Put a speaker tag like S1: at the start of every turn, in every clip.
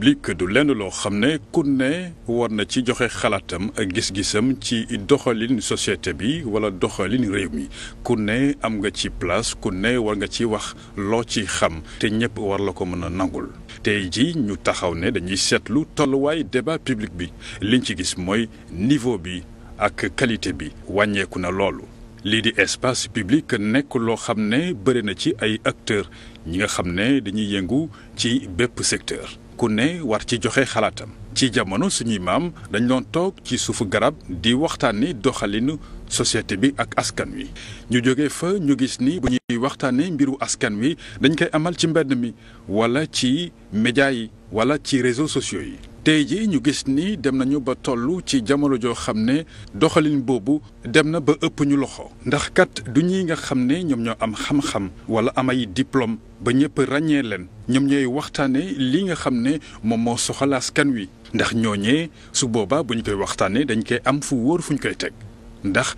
S1: publique du lenn loo xam ne ku ne war na ci joxe xalaatam ak gis-gisam ci doxalin société bi wala doxalin réew mi ku ne am nga ci place ku ne war nga ci wax loo ci xam te ñëpp war la ko mën a nangul tey ji ñu taxaw ne dañuy seetlu tolluwaay débat public bi liñ ci gis mooy niveau bi ak qualité bi wàññeeku na loolu lii di espace public nekk loo xam ne bëri na ci ay acteurs ñi nga xam ne dañuy yëngu ci bépp secteur ku ne war ci joxe xalaatam ci jamono suñuy maam dañ doon toog ci suufu garab di waxtaani doxalinu société bi ak askan wi ñu jóge fa ñu gis ni bu ñuy waxtaanee mbiru askan wi dañ koy amal ci mbedd mi wala ci média yi wala ci réseaux sociaux yi tey ji ñu gis ni dem nañu ba toll ci jamono joo xam ne doxalin boobu dem na ba ëpp ñu loxo ndax kat du ñuy nga xam ne ñoom ñoo am xam-xam wala am ay diplôme ba ñëpp ràññee leen ñoom ñooy waxtaane li nga xam ne moom moo soxalaaskan wi ndax ñooñee su boobaa bu ñu koy waxtaanee dañ koy am fu wóor fu ñu koy teg ndax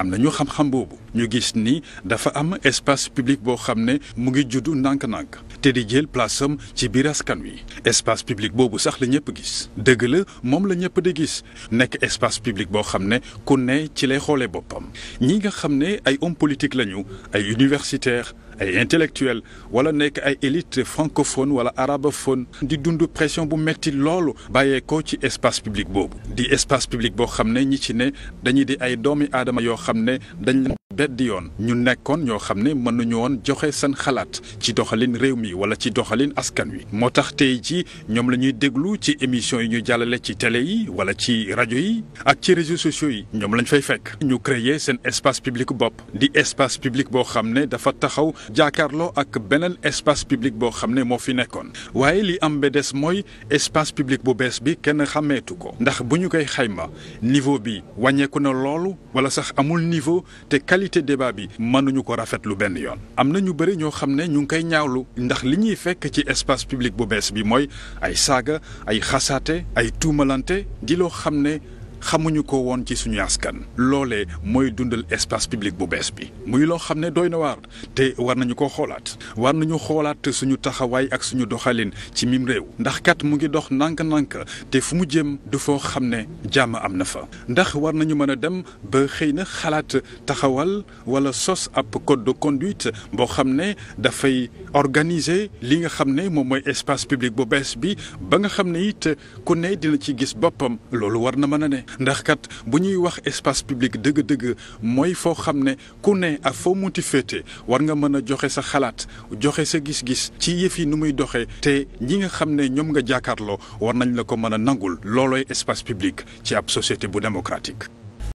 S1: am na ñu xam-xam boobu ñu gis ni dafa am espace public boo xam ne mu ngi juddu ndànk-ndànk te di jël place am ci biir askan wi espace public boobu sax la ñëpp gis dëgg la moom la ñëpp di gis nekk espace public boo xam ne ku ne ci lay xoolee boppam ñi nga xam ne ay hommes politiques lañu ay universitaires ay intellectuels wala nekk ay élite francophone wala arabophone di dund pression bu metti loolu bàyyeekoo ci espace public boobu di espace public boo xam ne ñi ci ne dañuy di ay doomi aadama yoo xam ne dañ beddi yoon ñu nekkoon ñoo xam ne mën nañu woon joxe seen xalaat ci doxalin réew mi wala ci doxalin askan wi moo tax tey jii ñoom la ñuy déglu ci émission yi ñu jàllale ci tele yi wala ci rajo yi ak ci réseaux sociaux yi ñoom lañ fay fekk ñu créer seen espace public bopp di espace public boo xam ne dafa taxaw jaakaarloo ak beneen espace public boo xam ne moo fi nekkoon waaye li am ba des mooy espace public bu bees bi kenn xàmmeetu ko ndax bu ñu koy xayma niveau bi qualité débat bi mënuñu ko rafetlu benn yoon am na ñu bëri ñoo xam ne ñu ngi koy ñaawlu ndax li ñuy fekk ci espace public bu bees bi mooy ay saaga ay xasaate ay tuumalante di loo xam ne xamuñu ko woon ci suñu askan loolee mooy dundal espace public bu bees bi muy loo xam ne doy na waar te war nañu ko xoolaat war nañu xoolaat suñu taxawaay ak suñu doxalin ci mim réew ndax kat mu ngi dox nànk-nànk te fu mu jëm du foo xam ne jàmm am na fa ndax war nañu mën a dem ba xëy na xalaat taxawal wala sos ab code de boo xam ne dafay organiser li nga xam ne moom mooy espace public bu bees bi ba nga xam ne it ku ne dina ci gis boppam loolu war na mën a ne ndax kat bu ñuy wax espace public dëgg-dëgg mooy foo xam ne ku ne ak foo munti féete war nga mën a joxe sa xalaat joxe sa gis-gis ci yëf nu muy doxee te ñi nga xam ne ñoom nga jàkkaarloo war nañ la ko mën a nangul loolooy espace public ci ab société bu démocratique